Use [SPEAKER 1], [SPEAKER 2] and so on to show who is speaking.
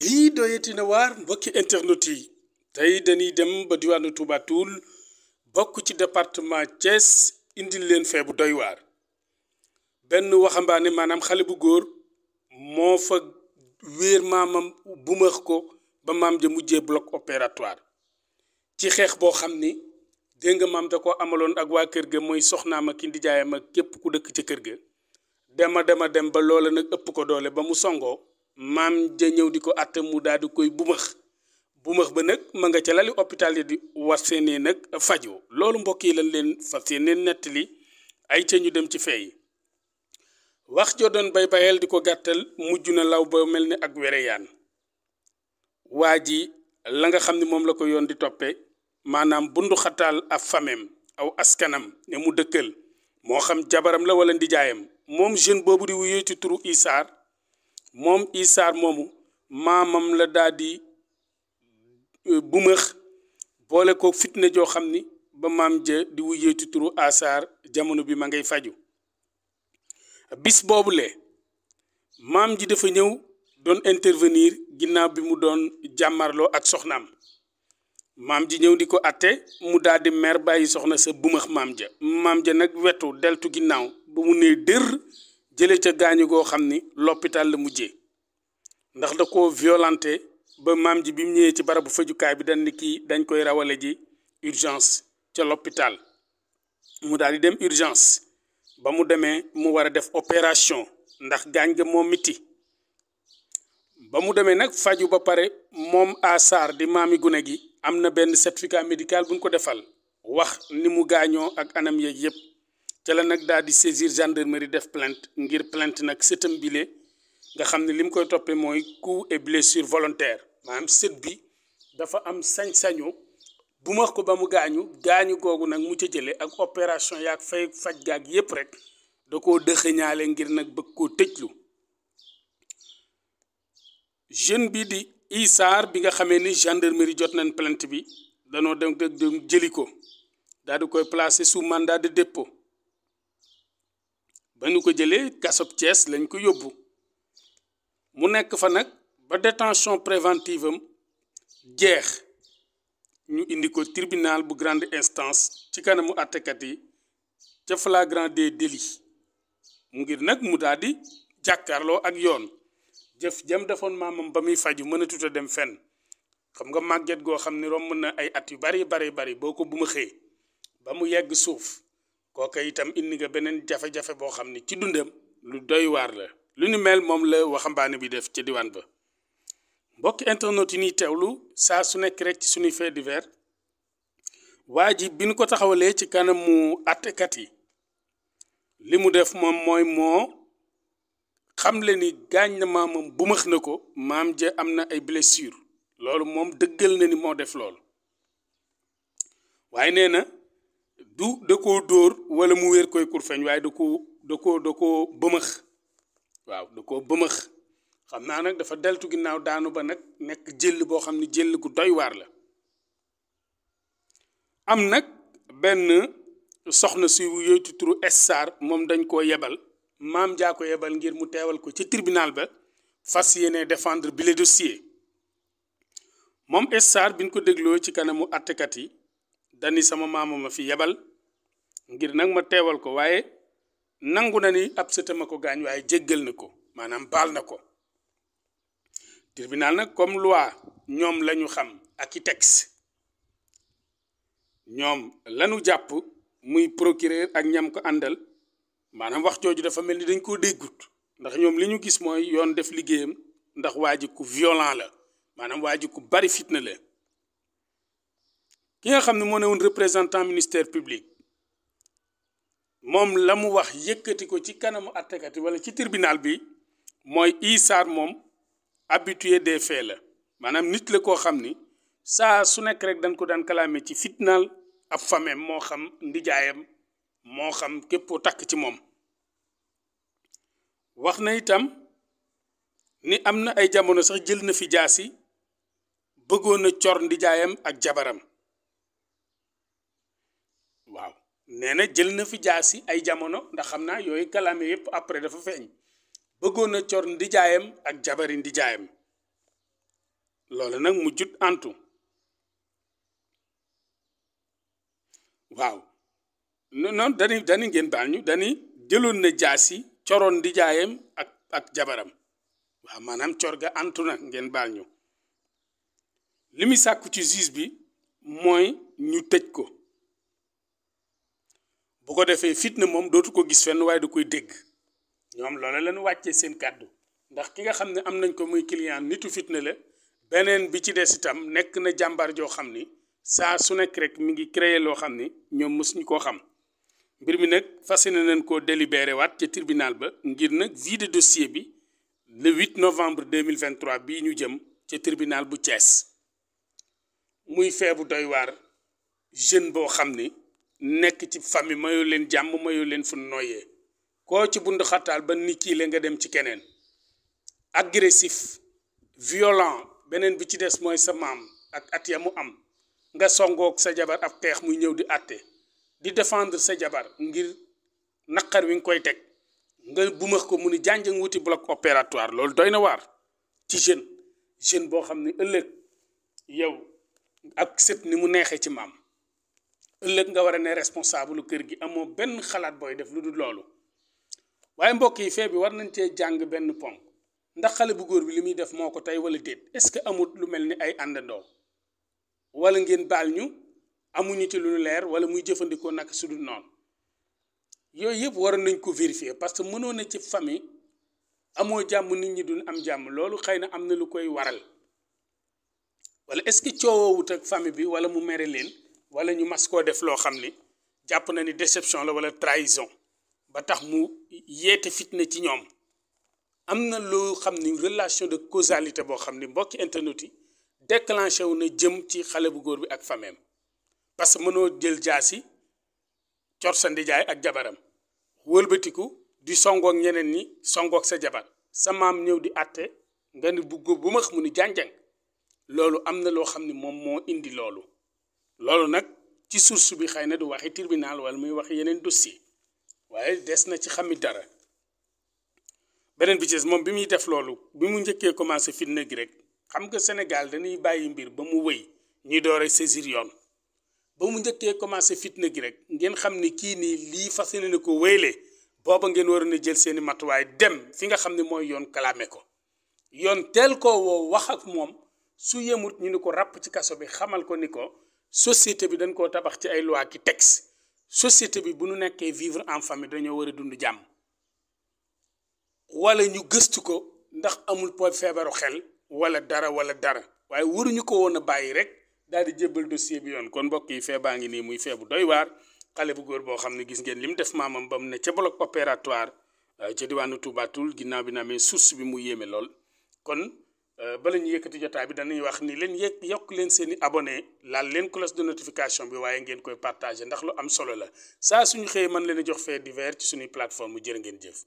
[SPEAKER 1] lii doyati na waar mbokki internet yi tey dañuy dem ba diwaanu Touba tuul bokk ci département Thiès indi leen feebu doy waar benn waxambaane maanaam xale bu góor moo fa wéer maamam bumax ko ba maam ja mujjee bloc opératoire ci xeex boo xam ni dégg nga maam da ko amaloon ak waa kër ga mooy soxnaam ak ki jaayam ak képp ku dëkk ca kër ga dema dema dem ba loola nag ëpp ko doole ba mu songoo maam ja ñëw di ko atte mu daal di koy bumax bumax ba nag ma nga ca lali hôpital yi di war seenee nag fajoo loolu mbokk yi lañ leen fas yéene nettali ay ca ñu dem ci fee wax joo doon bay bayal di ko gàttal mujj na law ba mel ni ak were waa ji la nga xam ne moom la ko yoon di toppee maanaam bundu xataal ab famem aw askanam ne mu dëkkal moo xam jabaram la wala ndijaayam moom jeune boobu di wuyee ci turu isaar moom isaar moomu maamam la daal di euh, bumax boole ko fitna joo xam ni ba maam ja di wuyyeeti turu asaar jamono bi ma ngay faju bis boobu le maam ji dafa ñëw doon intervenir ginnaaw bi mu doon jàmmarloo ak soxnaam maam ji ñëw di ko atte mu daal di mer bàyyi soxna sa bumax maam ja maam ja nag wetu deltu ginnaaw ba mu nee dër jëlee ca gaañu goo xam ni l'hôpital la mujjee ndax da ko violenté ba maam ji bi mu ñëwee ci barabu fajukaay bi dañ ni kii dañ koy rawale ji urgence ca l'hôpital mu daal di dem urgence ba mu demee mu war a def opération ndax gaañ ga moo miti ba mu demee nag faju ba pare moom asaar di maami gune gi am na benn certificat médical bu ñu ko defal wax ni mu gaañoo ak anam yeeg yëpp ca nag daal di saisir gendarmerie def plainte ngir plainte nag sëtam bile nga xam ne li mu koy toppee mooy coup et blessure volontaire maanaam sët bi dafa am sañ-sañu bu ma ko ba mu gaañu gaañu googu nag mu ca jëlee ak opération yaag fay faj gaag yépp rek da koo dëxëñaale ngir nag bëgg koo tëjlu jeune bi di isaar bi nga xamee ni gendarmerie jot nañ plainte bi danoo dem jëli ko daal di koy placer su mandat de dépôt ba nu ko jëlee kasob Thiès lañ ko yóbbu mu nekk fa nag ba détention préventive am jeex ñu indi ko tribunal bu grande instance ci kanamu àttekat yi ca flagrant des délits mu ngir nag mu daal di jàkkaarloo ak yoon jëf jëm defoon maamam ba muy faju mën a dem fenn xam nga màgget goo xam ne romb na ay at yu bari bari bari boo ko bu ma xëyee ba mu yegg suuf kooka itam indi nga beneen jafe-jafe boo xam ni ci dundam lu doy waar la lu nu mel moom la waxambaane bi def ca diwaan ba mbokki internet yi ni teewlu saa su nekk rek ci suñuy fait ver waa ji bi ñu ko taxawalee ci kanamu àttekat yi li mu def moom mooy moo xam xamle ni gaañ na maamam bu na ko maam ja am na ay blessure loolu moom dëggal na ni moo def loolu waaye nee du da koo dóor wala mu wéer koy kurfeñ waaye da ko da koo da koo bëmëx waaw da ko bëmëx xam naa nag dafa deltu ginnaaw daanu ba nag nekk jëll boo xam ne jëll gu doy waar la am nag benn soxna si yooytu turu moom dañ koo yebal maam jaa yebal ngir mu teewal ko ci tribunal ba fas yéene bi bile dossier moom Essar biñ ko dégloo ci kanamu attekat yi dani sama maama fi yebal ngir nag ma teewal ko waaye nangu na ni ab sëtama ko gaañ waaye jéggal na ko maanaam baal na ko tribunal nag comme loi ñoom lañu xam ak i texte ñoom lañu jàpp muy procureur ak ñam ko àndal maanaam wax jooju dafa mel ni dañ koo déggut ndax ñoom li ñu gis mooy yoon def liggéeyam ndax waa ji violent la maanaam waa ji ku bari fitna la ki nga xam ni moo ne woon représentant ministère publique moom la mu wax yëkkati ko ci kanamu attekati wala ci tribunal bi mooy isaar moom habitué des faits la maanaam nit la koo xam ni saa su nekk rek dañ ko daan kalaame ci fitnaal ab fameem moo xam ndijaayam moo xam képpo takk ci moom wax na itam ni am na ay jamono sax jël na fi jaasi bëggoon a cor ndijaayam ak jabaram nee na jël na fi jaasi ay jamono ndax xam naa yooyu kalaame yépp après dafa feeñ bëggoon na cor ndijaayam ak jabari ndijaayam loolu nag mu jut antu waaw non dani dani ngeen jëloon na jaasi coroon ndijaayam ak ak jabaram waaw maanaam cor ga antu na ngeen baal ñu li muy sàkku ci juge bi mooy ñu tëj ko bu ko defee fitna moom dootu ko gis fenn waaye du koy dégg ñoom loola lañu wàccee seen kàddu ndax ki nga xam ne am nañ ko muy client nitu fitna la beneen bi ci des itam nekk na jàmbaar joo xam ni saa su nekk rek mu ngi créer loo xam ni ñoom mësuñu koo xam mbir mi nag fas ne nañ ko délibéré waat ca tribunal ba ngir nag vie de dossier bi le huit novembre 2023 bii ñu jëm ca tribunal bu Thiès muy feebu doy waar jeune boo xam ne nekk ci famille mayu leen jàmm mayu leen fu noyee koo ci bund xataal ba ni kii la nga dem ci keneen agressif violent beneen bi ci des mooy sa maam ak at ya mu am nga songook sa jabar ab xeex muy ñëw di àtte di defendre sa jabar ngir naqar wi nga koy teg nga bumax ko mu ni jànjang wuti bloc opératoire loolu doy na waar ci jeune jeune boo xam ne ëllëg yow ak sët ni mu neexee ci maam ëllëg nga war a ne responsable kër gi amoo benn xalaat booy def lu dul loolu waaye mbokk yi fee bi war nañ cee jàng benn ponk ndax xale bu góor bi li muy def moo ko tey wala déet est-ce que amut lu mel ni ay àndandoo wala ngeen baal ñu amuñu ci lu ñu leer wala muy jëfandikoo nag su dul noonu yooyu yëpp waroon nañ ko vérifier parce que mënoo na ci famille amoo jàmm nit ñi duñ am jàmm loolu xëy na am na lu koy waral walla est-ce que coowoo wut ak famille bi wala mu mere leen. wala ñu maskoo def loo xam ni jàpp na ni déception la wala trahison ba tax mu yeete fitna ci ñoom am na loo xam ni relation de causalité boo xam ni mbokki internet yi déclenché wu na jëm ci xale bu góor bi ak fameem parce que mënoo jël jaasi cor sa ndijaay ak jabaram wëlbatiku di songook ñeneen ni songook sa jabar sa maam ñëw di àtte nga ni bu góor bu max mu ni jànjang loolu am na loo xam ni moom moo indi loolu loolu nag ci source bi xëy na du waxi tribunal wala muy wax yeneen dossi waaye des na ci xami dara beneen bi ci moom bi muy def loolu bi mu njëkkee commencé fitna gi rek xam nga Sénégal dañuy bàyyi mbir ba mu wëy ñuy door saisir yoon ba mu njëkkee commencé fitna gi rek ngeen xam ni kii nii lii fas yéene na ko wéyle booba ngeen waroon a jël seeni matuwaay dem fi nga xam ne mooy yoon kalaame ko yoon teel ko woo wax ak moom su yemut ñu ni ko ràpp ci kaso bi xamal ko ni ko société bi dañ koo tabax ci ay loi ki texte société bi bu ñu nekkee vivre en famille dañoo war a dund jàmm wala ñu gëstu ko ndax amul po feebaru xel wala dara wala dara waaye waruñu ko woon a bàyyi rek daal di jébbal dossier bi yoon kon mbokk yi feebaa ngi nii muy feebu doy waar xale bu góor boo xam ne gis ngeen li mu def maamam ba mu ne ca bloc opératoire euh, ca diwaanu Touba Toul ginnaaw bi na amee source bi mu yéeme lool kon. Euh, bala ñu yëkkati jotaay bi dañuy wax ni leen yëg yokk leen seen i abonné laal leen cloche de notification bi waaye ngeen koy partagé ndax lu am solo la saa suñu xëyee mën leen a jox fait divers ci suñuy plateforme jër ngeen jëf